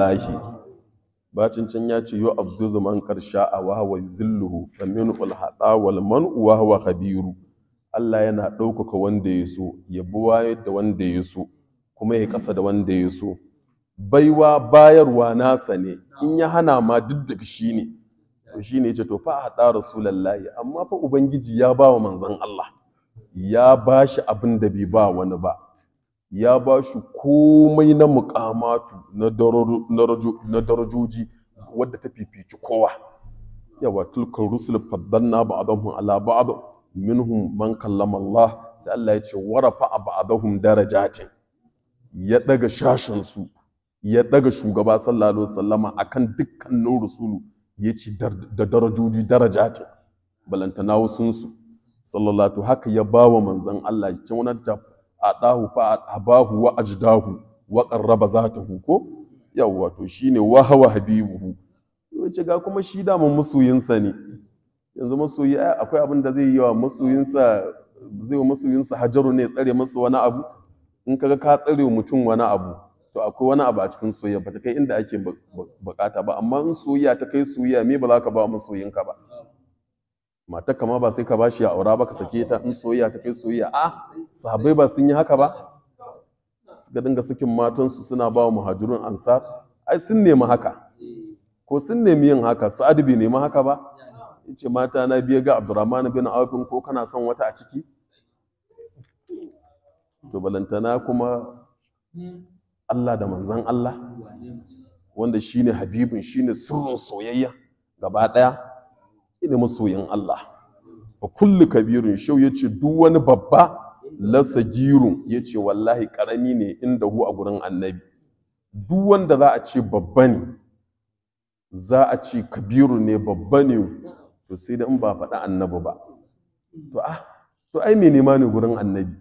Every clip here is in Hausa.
lahi bacin can ya ce yau abduzu man karsha a wahawa zilluhu fa min wal man wahawa habiru Allah yana ɗaukaka wanda ya so ya waye da wanda ya so kuma ya ƙasa da wanda ya so baiwa bayarwa nasa ne in ya hana ma duk shi ne to shi ne ce to fa haɗa lahi amma fa ubangiji ya ba wa manzon Allah ya ba shi abin da bai ba wani ba ya ba shi komai na mukamatu na darajoji wadda ta fifici kowa yawa tulkar rusul faddanna ba'dahum ala a minhum man kallama Allah sai Allah ya ce warafa a darajatin ya daga shashinsu ya daga shugaba sallallahu alaihi wasallama akan dukkanin rusulu ya ci da darajoji darajatin balantana wasunsu sallallahu haka ya bawa manzan Allah cikin wani ta A ɗahu fa a habahu wa jidahu wa za ta ko yawwa to ne wa hawa habibuhu Yawanci ga kuma shi da masoyinsa ne yanzu masoyi akwai abin da zai yi wa masoyinsa zai wa masoyinsa hajaru ne tsare masa wani abu in kaga ka tsare mutum wani abu to akwai wani abu a cikin soyayya ba ta kai inda ake bukata ba amma in soyayya ta kai soyayya me ba za ka ba masoyinka ba matar kama ba sai ka bashi ya aura ba ka sake ta in soyayya ta kai soyayya a ah, sahabbai ba sun yi haka ba suka dinga sakin matansu suna ba wa muhajirun ansar ai sun nemi haka ko sun nemi yin haka sa'ad bai nemi haka ba yace mata na biya ga abdurrahman bin auf ko kana son wata a ciki to balantana kuma Allah da manzon Allah wanda shine habibin shine sirrin soyayya gaba daya ne masoyin Allah wa kullu kabirun shau ya ce duk wani babba lasa ya ce, wallahi karami ne inda hu a gurin annabi duk wanda za a ce babba ne za a ce kabiru ne babba ne to sai da in ba faɗa annabi ba to ah to ai me nema ne gurin annabi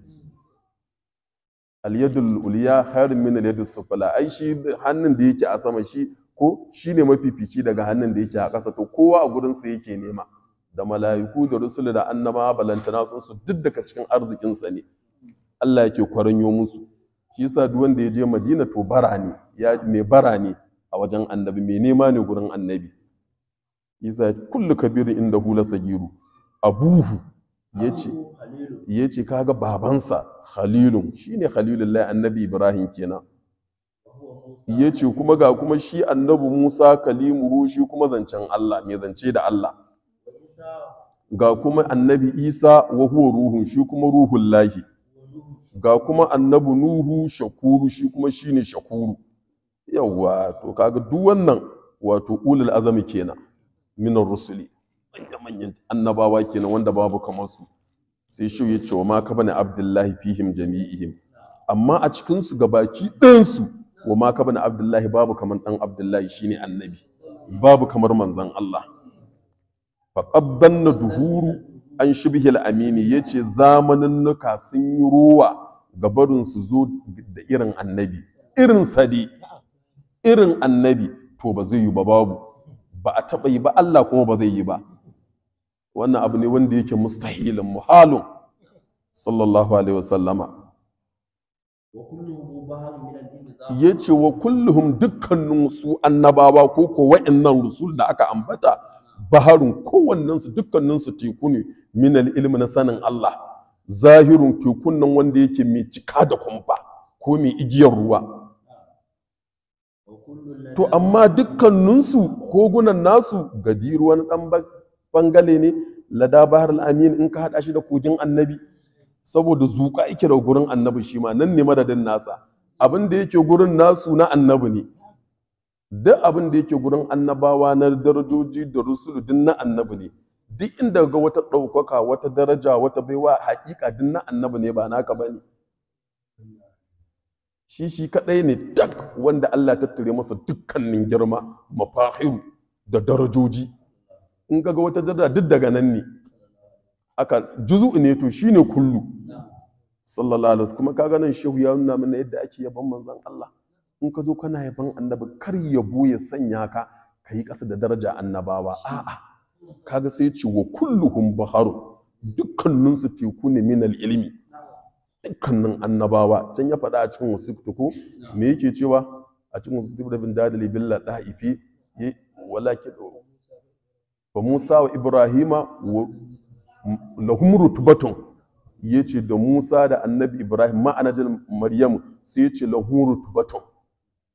al yadul uliya khairun min al yadus sufla ai shi hannun da yake a sama shi ko shi ne mafifici daga hannun da yake a ƙasa to kowa a gurin sa yake nema da mala'iku da rusulu da annaba balantana sun su duk daga cikin arzikinsa ne Allah yake kwaranyo musu shi yasa duk wanda ya je Madina to bara ne ya mai bara ne a wajen annabi mai nema ne gurin annabi yasa kullu Kabiru inda hula sagiru abuhu yace yace kaga babansa khalilun shine khalilullahi annabi ibrahim kenan ya ce kuma ga kuma shi annabi Musa kalimuhu shi kuma zancen Allah mai zance da Allah ga kuma annabi Isa wa huwa ruhun shi kuma ruhun lahi ga kuma annabi Nuhu shakuru shi kuma shi ne shakuru yawa to kaga duk wato ulul azami kenan minar rusuli manyan annabawa kenan wanda babu kamar su sai shi ya ce wa ma kabana abdullahi fihim jami'ihim amma a cikinsu ga baki ɗansu. wa ma ka abdullahi babu kamar dan abdullahi shine annabi babu kamar manzon Allah fa qaddanna duhuru an shibhil amini yace zamanin nuka sun yi ruwa ga barin su zo da irin annabi irin sadi irin annabi to ba zai yi ba babu ba a taba yi ba Allah kuma ba zai yi ba wannan abu ne wanda yake mustahilin muhalun sallallahu alaihi wasallama ya ce wa kulluhum dukkanin annabawa ko ko wa'annan rusul da aka ambata baharun kowannensu dukkaninsu teku ne minal ilmi na sanin Allah zahirun tekun nan wanda yake mai cika da kumfa ko mai igiyar ruwa to amma dukkaninsu kogunan nasu gadi ruwan dan bangale ne lada bahar al'amin in ka haɗa shi da kogin annabi saboda zuƙa yake da gurin annabi shi ma nan ne madadin nasa abin da yake gurin nasu na annabi ne duk abin da yake gurin annabawa na darajoji da rusulu din na annabi ne duk inda ga wata ɗaukaka wata daraja wata baiwa haƙiƙa din na annabi ne ba naka ba ne shi shi kaɗai ne tak wanda Allah ta tattare masa dukkanin girma mafahiru da darajoji in ga wata daraja duk daga nan ne aka juzu ne to shine kullu sallallahu alaihi kuma kaga nan shehu ya nuna mana yadda ake yaban manzon Allah in ka zo kana yaban annabi kar yabo ya sanya ka kai kasa da daraja annabawa a'a kaga sai ce wa kulluhum baharu dukkaninsu teku ne minal ilimi dukkanin annabawa can ya faɗa a cikin wasu ko me yake cewa a cikin wasu tuku da bin dadali billa da'ifi walakin wa musa wa ibrahima lahum ya ce da Musa da Annabi Ibrahim ma'anajin Maryam sai yace lahum rutubatun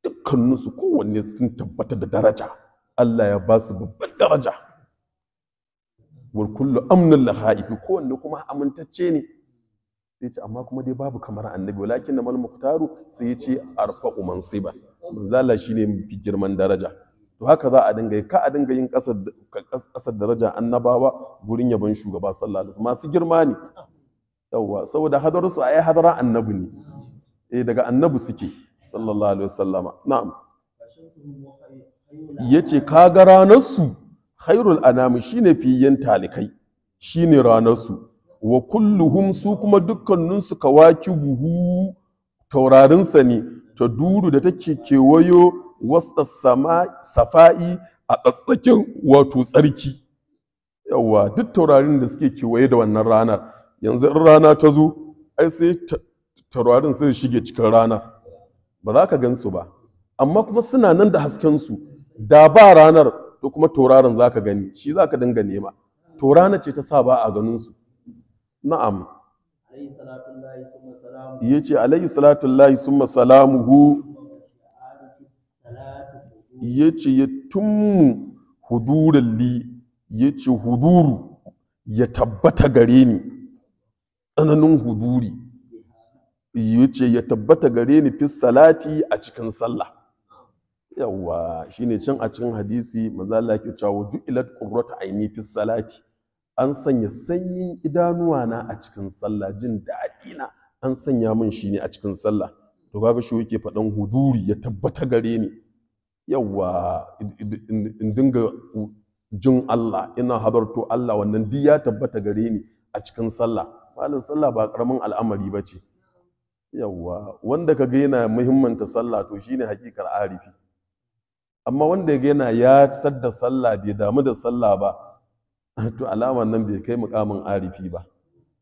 dukkaninsu kowanne sun tabbata da daraja Allah ya ba su babban daraja wal kullu amnul lahaifi kowanne kuma amintacce ne sai ce amma kuma dai babu kamar annabi walakin namal muhtaru sai ya ce arfa umansiba manzala shine mafi girman daraja to haka za a dinga yi ka a dinga yin ƙasar daraja annabawa gurin yabon shugaba sallallahu alaihi masu girma ne yawwa saboda hadarsu ai hadara annabi ne eh daga annabi suke sallallahu alaihi wasallama na'am yace kaga ranar su khairul anami shine fiyen talikai shine ranar su wa kulluhum su kuma dukkanin su kawaki buhu taurarin sa ne ta duru da take kewayo wasta safa'i a tsatsakin wato tsarki yawa duk taurarin da suke kewaye da wannan ranar yanzu in rana ta zo ai sai taurarin sai shige cikin rana ba za ka gansu ba amma kuma suna nan da haskensu da ba ranar to kuma taurarin za ka gani shi za ka dinga nema to rana ce ta sa ba a ganinsu na'am ya ce alayhi salatullahi summa salamuhu Ya ce ya tummu huduran li ce huduru ya tabbata gare ni tsananin huduri Ya ce ya tabbata gare ni fi salati a cikin sallah shi shine can a cikin hadisi mazala ke cewa cewa ju'ilat qurratu aini fi salati an sanya sanyin idanuwa na a cikin sallah jin daɗi na an sanya min shi ne a cikin sallah to kaga shi yake faɗan huduri ya tabbata gare ni yawa in dinga jin Allah ina hadarto Allah wannan duk ya tabbata gare ni a cikin sallah malin sallah ba karamin al'amari ba ce yawa wanda ka ga yana muhimmanta sallah to shine hakikar arifi amma wanda ga yana ya sadda sallah bai damu da sallah ba to alama nan bai kai mukamin arifi ba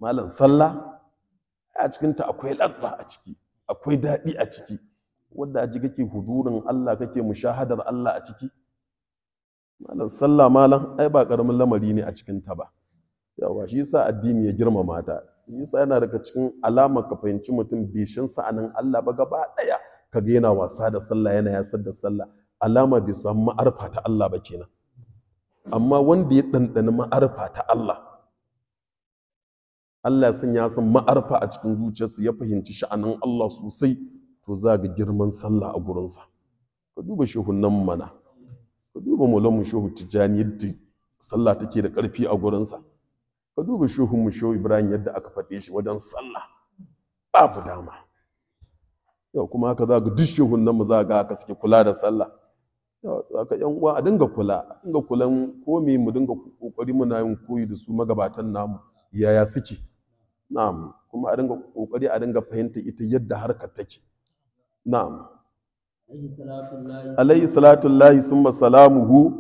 malam sallah a cikinta akwai lazza a ciki akwai daɗi a ciki wanda a ciki kake hudurin Allah kake mushahadar Allah a ciki malam sallah malam ai ba karamin lamari ne a cikin ta ba yawa shi yasa addini ya girmama ta shi yasa yana daga cikin alama ka fahimci mutum bishin sa anan Allah ba gaba ɗaya. Ka yana wasa da sallah yana yasar da sallah alama bai san ma'arfa ta Allah ba kenan amma wanda ya ɗanɗani ma'arfa ta Allah Allah ya sanya san ma'arfa a cikin zuciyarsa ya fahimci sha'anin Allah sosai to za ga girman sallah a gurinsa ka duba nan mana ka duba mulamu shehu tijani yadda sallah take da ƙarfi a gurinsa ka duba mu shehu ibrahim yadda aka faɗe shi wajen sallah babu dama yau kuma haka za ga duk nan mu za ga haka suke kula da sallah Yau ka yan uwa a dinga kula a dinga kulan ko me mu dinga kokari muna yin koyi da su magabatan namu yaya suke na'am kuma a dinga kokari a dinga fahimta ita yadda harkar take na'am alayhi salatu lahi summa salamuhu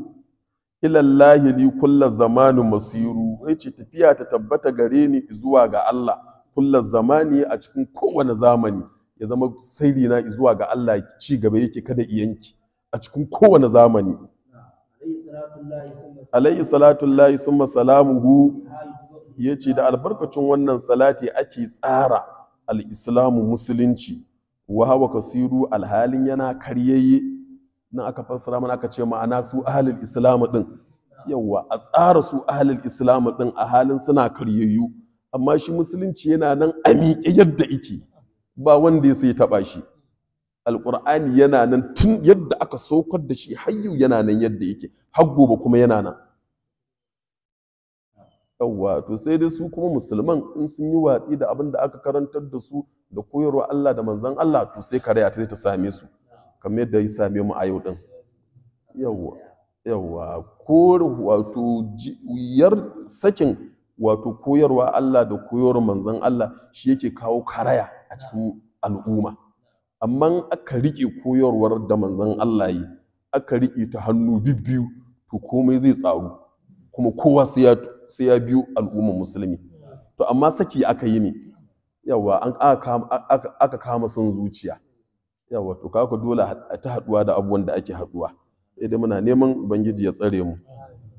ilallahi li kulla zamanin masiru wai ce tafiya ta tabbata gare ni zuwa ga Allah kulla zamani a cikin kowane zamani ya zama sairi na zuwa ga Allah ci gaba yake kada iyanki a cikin kowane zamani alayhi salatu lahi summa salamuhu ya ce da albarkacin wannan salati ake tsara al-islamu musulunci wa hawa kasiru alhalin yana karyayye Na aka fassara mana aka ce ma'ana su ahlul islam din yawa a tsara su ahlul islam din a halin suna karyayyu amma shi musulunci yana nan a miƙe yadda ike. ba wanda ya sai taɓa shi alƙur'ani yana nan tun yadda aka saukar da shi hayyu yana nan yadda yake har gobe kuma yana nan yawwa to sai dai su kuma musulman in sun yi watsi da abin da aka karantar da su da koyarwa Allah da manzon Allah to sai karaya ta ta same su kamar yadda ya same mu a yau din yawwa yawwa ko wato yar sakin wato koyarwa Allah da koyarwar manzon Allah shi yake kawo karaya a cikin al'umma amma aka rike koyarwar da manzon Allah yi aka rike ta hannu bibbiyu to komai zai tsaro. kuma kowa sai ya biyu al'ummar musulmi to amma saki aka yi ne yawa an aka kama son zuciya yawa to kaka dole ta haduwa da abubuwan da ake haduwa idan muna neman ubangiji ya tsare mu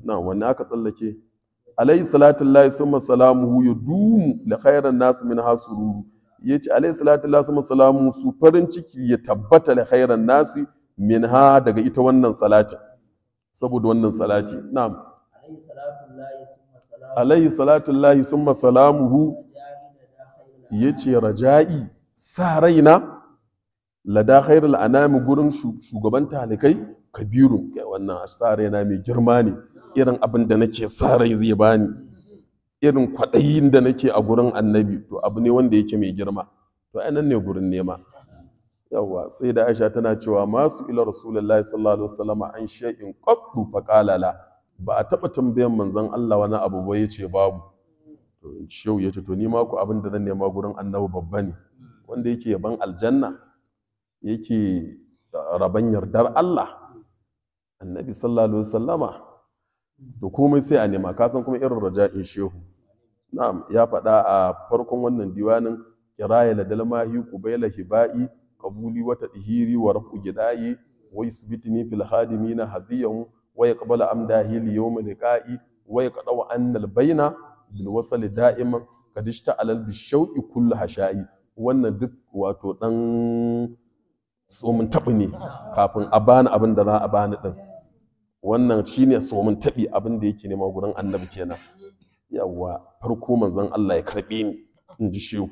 na wanne aka tsallake alayhi salatu lillahi summa salamuhu dumu li khairin nas min Ya ce alayhi salatu lillahi summa salamu su farin ciki ya tabbata li khairin nas ha daga ita wannan salati saboda wannan salati na'am alayhi sun summa salamuhu ya ce raja'i sa raina lada khairul anami gurin shugaban talikai kabiru wannan sa raina mai girma ne irin abin da nake sa rai zai bani irin kwaɗayin da nake a gurin annabi to abu ne wanda yake mai girma to anan ne gurin nema yawa sai da aisha tana cewa masu ila rasulullahi sallallahu alaihi wasallam an shay'in qattu faqala la ba a taɓa tambayan manzon Allah wani abu ba ya ce babu to shau ya to ni ma ku abin da zan nema gurin annabi babba ne wanda yake yaban aljanna yake raban yardar Allah annabi sallallahu alaihi wasallama to komai sai a nema ka san kuma irin raja'in shehu na'am ya faɗa a farkon wannan diwanin kiraya la dalmahi qubayla hibai qabuli wata dihiri wa rafu gidayi wa isbitni fil hadimina wa kabala amdahi li yawm liqa'i wa yaqdaw anna al bayna bil wasl da'iman kad ishta'ala bi kulla ha hasha'i wannan duk wato dan tsomin tabi ne kafin a bani abin da za a bani ɗin. wannan shine tsomin tabi abin da yake nema gurin annabi kenan yawa farko manzon Allah ya karbe ni in ji shehu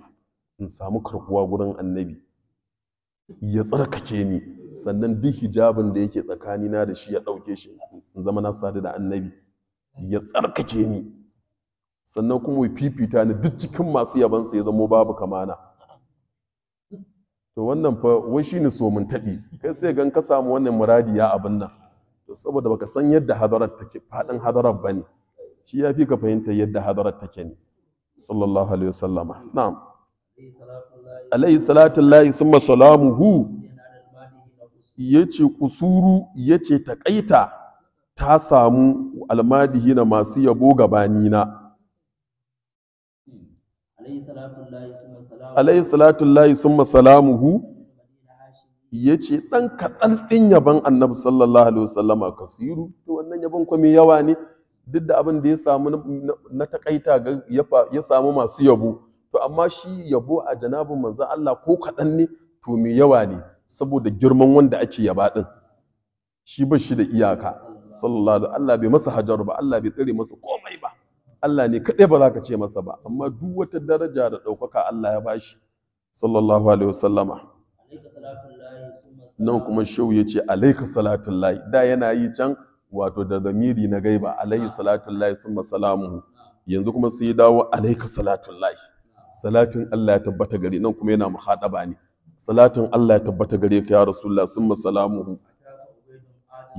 in samu karbuwa gurin annabi ya tsarkake ni sannan duk hijabin da yake tsakani na da shi ya ɗauke shi in zama na sadu da annabi ya tsarkake ni sannan kuma fifita ni duk cikin masu yabansa ya zamo babu kamana to wannan fa wai shine so mun taɓi kai sai gan ka samu wannan muradi ya abin nan to saboda baka san yadda hadarar take faɗin hadarar bane shi ya fi ka fahimta yadda hadarar take ne sallallahu alaihi wasallama na'am alaihi salatu lahi summa salamuhu yace kusuru yace takaita ta samu almadihi na masu yabo gabani na alaihi salatu lahi summa salamuhu yace dan kaɗan ɗin yaban annabi sallallahu alaihi wasallama kasiru to wannan yaban kuma yawa ne duk da abin da ya samu na takaita ya samu masu yabo to amma shi yabo a janabin manzan Allah ko kaɗan ne to mai yawa ne saboda girman wanda ake yaba din shi ba shi da iyaka sallallahu alaihi Allah bai masa hajaru ba Allah bai tsare masa komai ba Allah ne kaɗai ba za ka ce masa ba amma duk wata daraja da ɗaukaka Allah ya bashi sallallahu alaihi wasallama nan kuma shau ya ce alaika salatun layi da yana yi can wato da zamiri na gaiba alaihi salatun layi sun masalamu yanzu kuma sai dawo alaika salatun layi salatin Allah ya tabbata gare nan kuma yana muhadaba ne salatin Allah ya tabbata gare ka ya rasulullah summa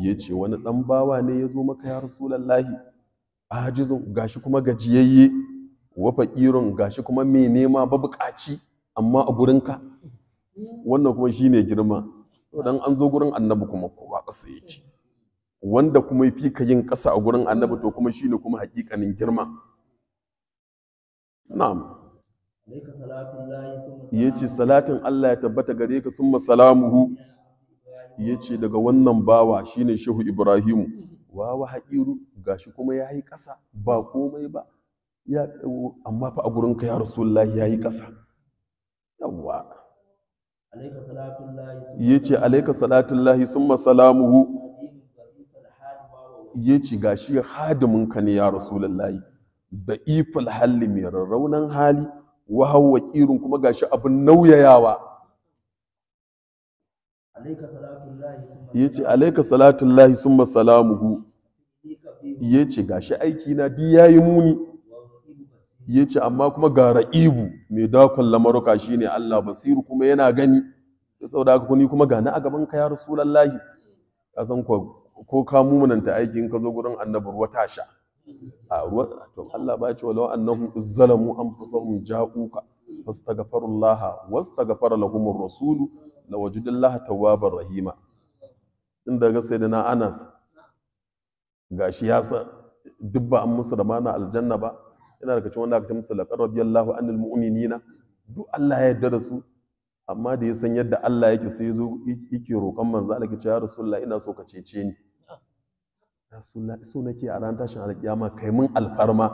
Ya yace wani dan bawa ne ya zo maka ya rasulullahi ajizun gashi kuma gajiyayye wa faqirun gashi kuma mai nema ba buƙaci amma a gurinka wannan kuma shine girma dan an zo gurin annabi kuma kowa kasa yake wanda kuma yafi ka yin ƙasa a gurin annabi to kuma shine kuma hakikanin girma na'am ya ce salatin Allah ya tabbata gare ka sun masalamuhu ya ce daga wannan bawa shine shehu ibrahimu wawa haƙiru gashi kuma ya yi ƙasa ba komai ba Ya amma fa a gurin ka ya rasulullah ya yi ƙasa yawwa ya ce alaika lahi sun masalamuhu ya ce gashi hadiminka ne ya rasulullahi da ifil halli mai rarraunan hali wa hawa qirun kuma gashi abin nauyayawa yace alayka salatullahi summa salamuhu yace gashi aiki na di yayi muni yace amma kuma ga ra'ibu mai dakon lamaruka shine Allah basiru kuma yana gani saboda haka ni kuma gani a gaban ka ya rasulullahi ka san ko ko ka mumunanta aikin ka zo gurin annabi ruwa sha a to Allah ba ce walau annahum izzalamu anfusahum ja'uka Rasulu, wastaghfara lahumur rasul lawajidallaha tawwabar rahima inda ga sayyidina Anas gashi ya sa dubba an musu da mana aljanna ba yana daga cikin wanda aka ce musu laqad radiyallahu anil mu'minina duk Allah ya yarda da su amma da ya san yadda Allah yake sai ya zo yake roƙon manzo Allah ya ce ya rasulullah ina so ka cece ni iso na nake a ranar tashin alƙiyama kai mun alfarma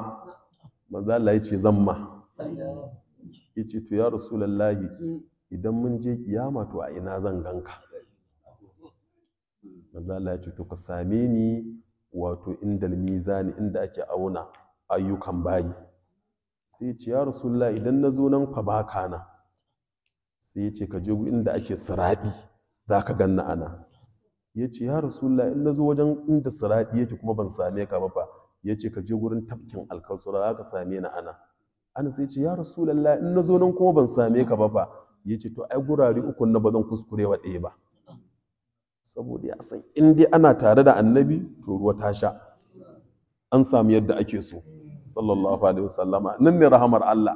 manzo Allah ya ce zamma ya ce to ya rasulullahi idan mun je kiyama to a ina zan ganka manzo Allah ya ce to ka same ni wato indal mizani inda ake auna ayyukan bayi sai ce ya rasulullah idan na zo nan fa baka na sai ya ce ka je inda ake sirabi za ka ganna ana ya ce ya rasulullah in na zo wajen inda siraɗi yake kuma ban same ka ba fa ya ce ka je gurin tafkin alkasura za ka same ni ana ana sai ce ya rasulallah in na zo nan kuma ban same ka ba fa ya ce to ai gurare uku na ba zan kuskure wa ɗaya ba saboda ya san in dai ana tare da annabi to ruwa ta sha an samu yadda ake so sallallahu alaihi wasallama nan ne rahamar Allah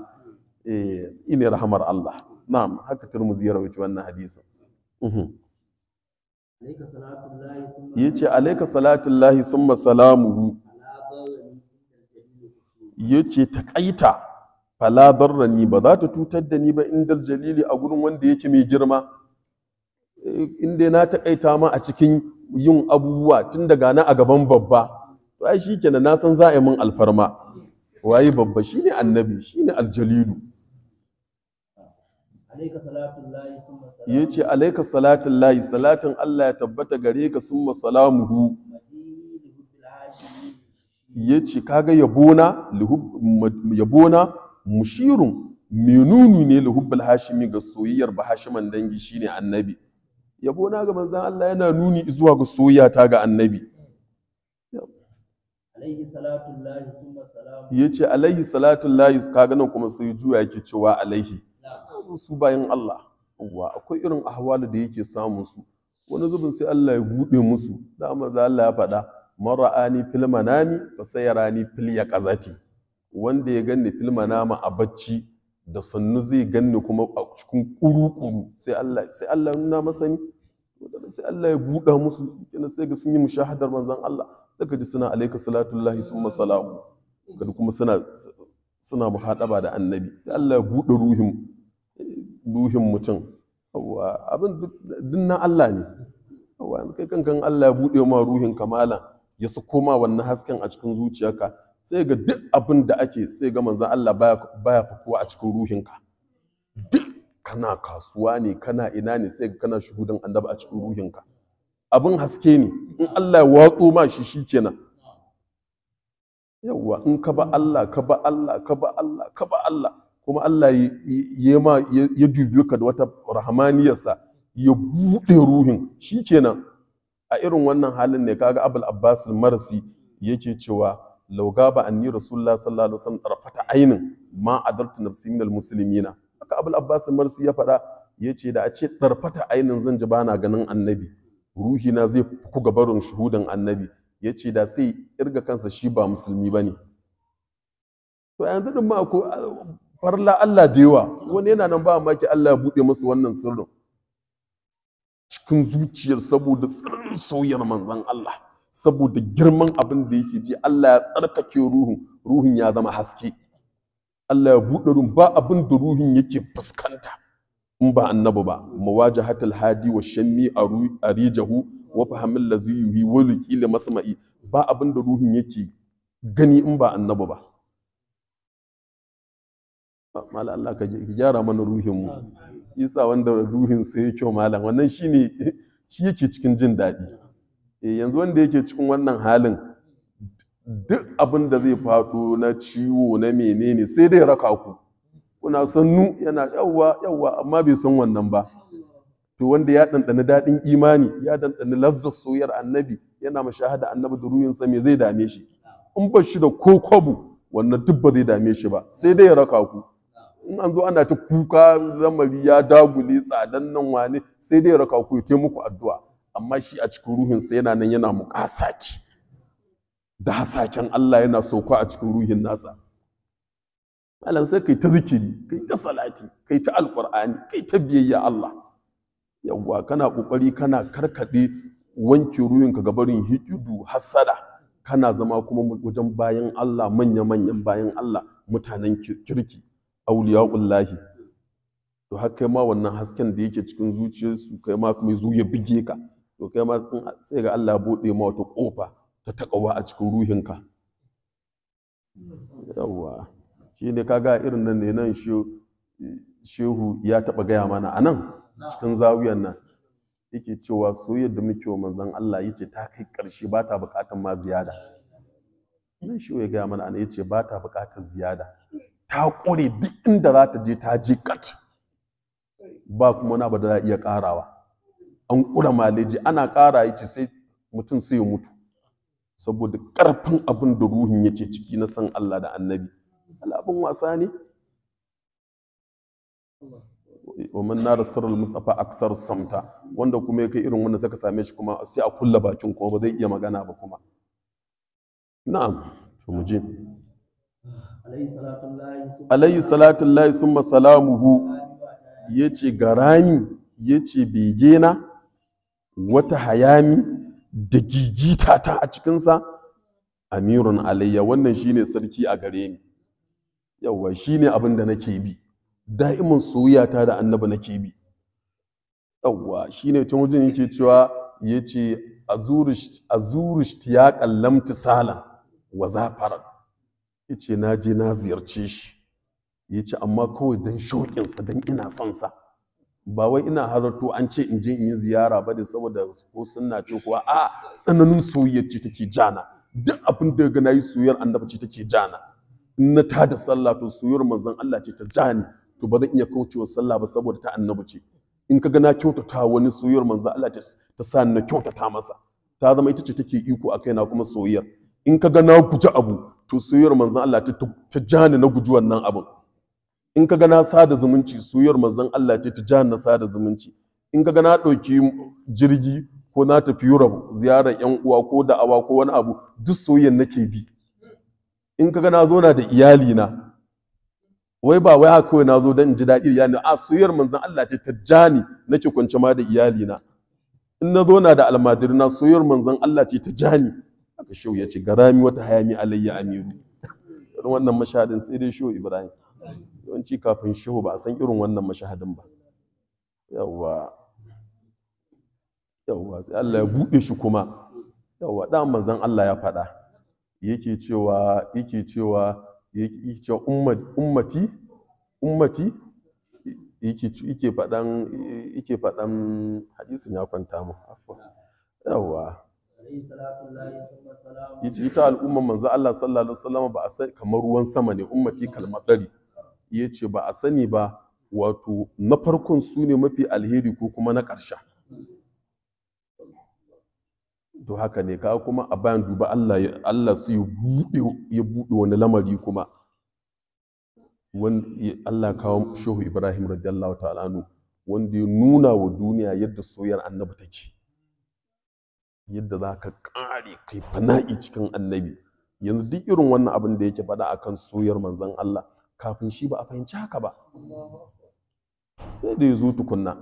eh ne rahamar Allah na'am haka turmuzi ya rawaito wannan hadisin ya ce alaika salatun lahi sun masalamuhu ya ce ta kaita falabarra ba za ta tutar da ni ba indal jalili a gurin wanda yake mai girma eh, inda na taƙaita ma a cikin yin abubuwa tun daga na a gaban babba Ba shi kenan na san za a yi min alfarma waye babba shine annabi shine aljalilu ya ce alaika salatin layi salatin Allah ya tabbata gare ka sun masalamuhu ya ce kaga yabona yabona mushirun menunu ne luhubbal hashimi ga soyayyar bahashiman dangi shine annabi yabona ga manzan Allah yana nuni zuwa ga soyayya ta ga annabi ya ce alaihi salatun layi kaga nan kuma sai juya yake cewa alaihi su bayan Allah wa akwai irin ahwalu da yake samun su wani zubin sai Allah ya buɗe musu dama da Allah ya faɗa mara'ani fil manami fa sayarani fil yaqazati wanda ya ganni fil manama a bacci da sannu zai ganni kuma a cikin kuru-kuru sai Allah sai Allah nuna masani wadanda sai Allah ya buɗa musu kina sai ga sun yi mushahadar manzon Allah daga ji suna alayka salatullahi summa salamu kada kuma suna suna muhadaba da annabi sai Allah ya buɗe ruhin Ruhin mutum abin duk Allah ne yanzu kai kankan Allah ya buɗe ma ruhin kamala ya su koma wannan hasken a cikin zuciyarka sai ga duk abin da ake sai ga manzan Allah baya fakuwa a cikin ruhinka duk kana kasuwa ne kana ina ne sai ga kana shuhudan annabi a cikin ruhinka abin haske ne in Allah ya watso ma shi kenan. yawwa in ka ba Allah ka ba Allah ka ba Allah ka ba Allah kuma Allah ya ma ya dubi ka da wata rahamaniyarsa ya buɗe ruhin Shi kenan, a irin wannan halin ne kaga Abul Abbas marsi yake cewa lauga ba anni rasulullah sallallahu alaihi wasallam tarfata ainin ma adartu nafsi minal muslimina haka Abul Abbas marsi ya faɗa yace da a ce tarfata ainin zan ji bana ganin annabi Ruhina zai ku gabarin shuhudan annabi yace da sai irga kansa shi ba musulmi bane to yanzu din ma ko farla Allah da yawa wani yana nan ba maki Allah ya buɗe masa wannan sirrin cikin zuciyar saboda tsirin soyar manzan Allah saboda girman abin da yake ji Allah ya tsarkake ruhun ruhun ya zama haske Allah ya buɗe ruhun ba abin da ruhun yake fuskanta in ba annabi ba mawajahatul hadi wa shammi arijahu wa fahamil lazi yuhi wa liqila masma'i ba abin da ruhun yake gani in ba annabi ba malam Allah ka gyara mana ruhinmu. mu isa wanda ruhin sai kyau malam wannan ne, shi yake cikin jin daɗi eh, yanzu wanda yake cikin wannan halin duk abin da zai faɗo na ciwo na menene sai dai raka ku kuna sannu yana yawwa yawwa amma bai san wannan ba to wanda ya ɗanɗani daɗin imani ya ɗanɗani lazzar soyar annabi yana mashahada annabi da ruhinsa me zai dame shi in ba shi da ko kwabo wannan duk ba zai dame shi ba sai dai ya raka ku in an zo ana ta kuka lamari ya dagule tsadan nan wane sai dai raka ku yi muku addu'a amma shi a cikin ruhinsa yana nan yana muƙasa ce da hasaken Allah yana sauka a cikin ruhin nasa malam sai kai ta zikiri kai ta salati kai ta alqur'ani kai ta biyayya Allah yawwa kana kokari kana karkade wanke ruhinka barin hikidu hasada kana zama kuma wajen bayan Allah manya manyan bayan Allah mutanen kirki auliya'ullahi to har kai ma wannan hasken da yake cikin zuciyarsu kai ma kuma zo ya bige ka to kai ma sai ga Allah bude ma wata kofa ta takawa a cikin ruhinka yawa shi ne kaga irin nan ne nan shehu ya taba gaya mana a nan cikin zawiyan nan yake cewa soyayyar da muke wa manzon Allah yace ta kai karshe ba ta bukatan ma ziyada nan shi ya gaya mana ana yace ba ta bukatar ziyada ta ƙure duk inda za ta je ta ji kat ba kuma na ba da za a iya ƙarawa an ƙura maleji ana ƙara ce sai mutum sai ya mutu saboda ƙarfin abin da ruhin yake ciki na san Allah da annabi al'abin wasa ne na da nara Mustapha mustafa aksar samta wanda kuma ya kai irin wanda suka same shi kuma sai a kulla bakin kuma ba zai iya magana ba kuma na'am to mu je alayhi salatu lahi summa salamuhu ya ce garami ya ce begena wata hayami da gigita ta a cikinsa amirun alayya wannan shine sarki a gare ni yawwa shine abin da nake bi da'imin soyayyata da annabi nake bi yawwa shine tun wajen yake cewa yace azurish azurish tiyaqal lam tisalan wa zafaran ce na je na ziyarce shi Ya ce amma kawai don shauƙinsa don ina son sa ba wai ina halarto an ce in je in yi ziyara ba da saboda ko sunna ce kuwa a tsananin soyayyar ce take jana duk abin da ga nayi soyayyar annabi ce take jana in na tada sallah to soyayyar manzon Allah ce ta jani to ba zan iya kaucewa sallah ba saboda ta annabi ce in ka ga na kyautata wani soyayyar manzon Allah ta sa na kyautata masa ta zama ita ce take iko a kaina kuma soyayyar in ka ga na guji abu to soyayyar manzon Allah ta jani na guji wannan abin in kaga na sada zumunci soyayyar manzon Allah ce ta jani na sada zumunci in kaga na ɗauki jirgi ko na tafi Europe ziyarar yan uwa ko da awa ko wani abu duk na nake bi in kaga na zo na da iyali na wai ba wai haka kawai na zo don in ji daɗi iyali a soyayyar manzon Allah ce ta jani nake kwance ma da iyali na in na zo na da almadirina soyayyar manzon Allah ce ta jani da shau ya ce garami wata hayami alayya amiru irin wannan mashahadin sai dai shau ibrahim yawanci kafin shau ba a san irin wannan mashahadin ba yawwa yawwa sai Allah ya buɗe shi kuma yawwa dan manzon Allah ya faɗa yake cewa yake cewa yake cewa ummati ummati yake faɗan hadisin ya kwanta mu yawwa yace ita al'umman manzo Allah sallallahu alaihi wasallam ba a sai kamar ruwan sama ne ummati kalmar dari yace ba a sani ba wato na farkon su ne mafi alheri ko kuma na karsha to haka ne ka kuma a bayan duba Allah Allah su ya bude ya bude wani lamari kuma wanda Allah kawo Shehu Ibrahim radiyallahu ta'ala wanda ya nuna wa duniya yadda soyayyar annabi take yadda za ka ƙare kai fana'i cikin annabi yanzu duk irin wannan abin da yake faɗa akan soyar manzon Allah kafin shi ba a fahimci haka ba sai da ya zo tukunna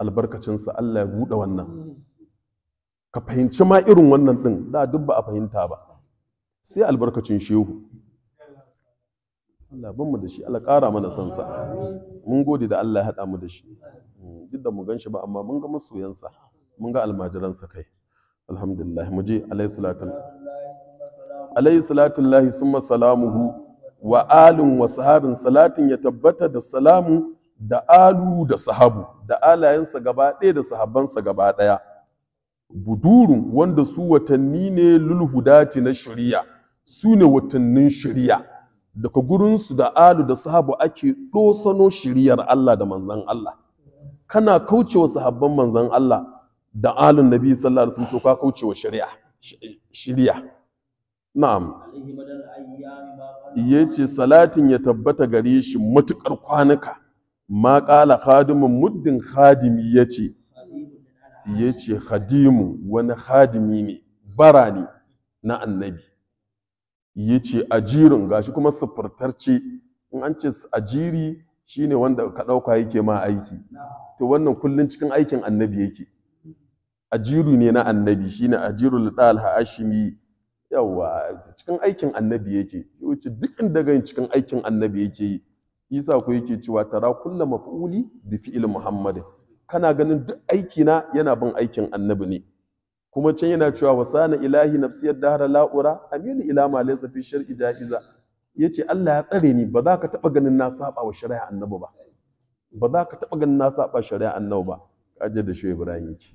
albarkacinsa Allah ya buɗe wannan ka fahimci ma irin wannan ɗin da duk ba a fahimta ba sai albarkacin shehu Allah ban mu da shi Allah ƙara mana sansa mun gode da Allah ya haɗa mu da shi hmm, duk da mu gan shi ba amma mun ga masoyansa mun ga almajiransa kai alhamdulillah mu je alayhi salatu alayhi salatu lahi summa salamuhu wa alin wa sahabin salatin ya tabbata da salamu da alu da sahabu da alayensa gaba ɗaya da sahabbansa gaba ɗaya budurun wanda su watanni ne lulhudati na shari'a su ne watannin shari'a daga gurinsu da alu da sahabu ake ɗosano shiriyar Allah da manzan Allah kana kaucewa sahabban manzan Allah da alun nabi sallallahu alaihi wasallam to ka kauce wa shari'a shiriya na'am yace salatin ya tabbata gare shi matukar kwanuka ma qala khadimun muddin khadimi yace yace khadimu wani khadimi ne bara ne na annabi yace ajirin gashi kuma ce. in an ce ajiri shine wanda kaɗauka dauka yake ma aiki to wannan kullun cikin aikin annabi yake ajiru ne na annabi shine ajiru dal hashimi yawa cikin aikin annabi yake wuce duk inda gani cikin aikin annabi yake yi isa ko yake cewa tara kullu maf'uli bi fi'il muhammadin kana ganin duk aiki na yana bin aikin annabi ne kuma can yana cewa wasana ilahi da har la'ura aminu ila ma laysa fi shar'i ja'iza yace Allah ya tsare ni ba za ka taba ganin na saba wa shari'a annabi ba ba za ka taba ganin na saba shari'a annabi ba kaje da shi Ibrahim yake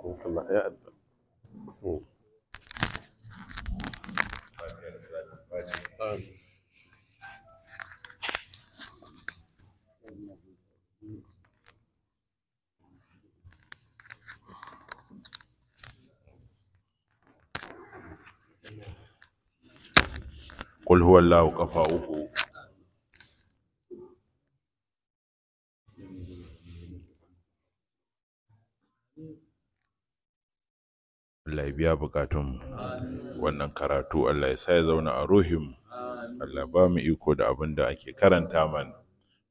يا قل هو الله كفاؤه Allah ya biya mu wannan karatu Allah ya sa ya zauna a ruhinmu Allah ba mu iko da abin da ake karanta mana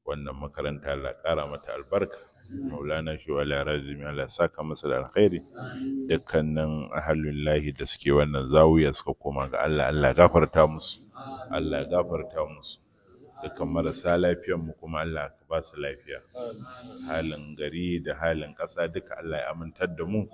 wannan makaranta Allah kara mata albarka maulana shi wa larazimi Allah ya saka masa da alkhairi dukkanin ahalin lahi da suke wannan zawiya suka koma ga Allah Allah gafarta musu Allah gafarta musu dukan marasa mu kuma Allah ka ba su lafiya halin gari da halin ƙasa duka Allah ya amintar da mu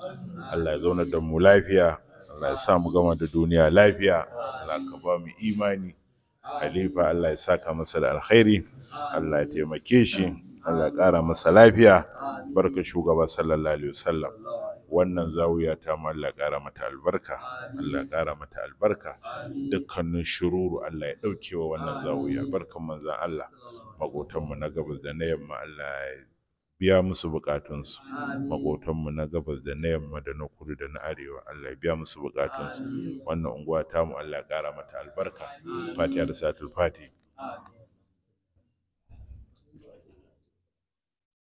Allah ya zauna da mu lafiya Allah ya sa mu gama da duniya lafiya Allah ka ba mu imani Khalifa Allah ya saka masa da alkhairi Allah ya taimake shi Allah ya ƙara masa lafiya barka shugaba sallallahu alaihi wasallam wannan zawiya ta mu Allah ƙara mata albarka Allah ƙara mata albarka dukkanin shururu Allah ya ɗauke wa wannan zawiya barkan manzan Allah maƙotanmu na gabas da na yamma Allah ya biya musu buƙatunsu maƙotanmu na gabas da na yamma da na kudu da na arewa Allah ya biya musu buƙatunsu. wannan unguwa tamu Allah ya ƙara mata albarka fatiha da satul fati